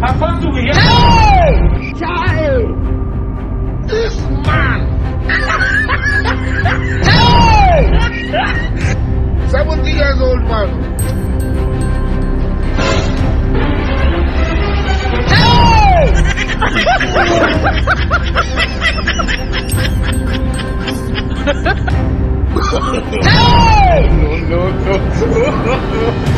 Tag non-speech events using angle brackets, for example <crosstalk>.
Rafa Zuriel! Hey! <laughs> <laughs> no! No, no, no. <laughs>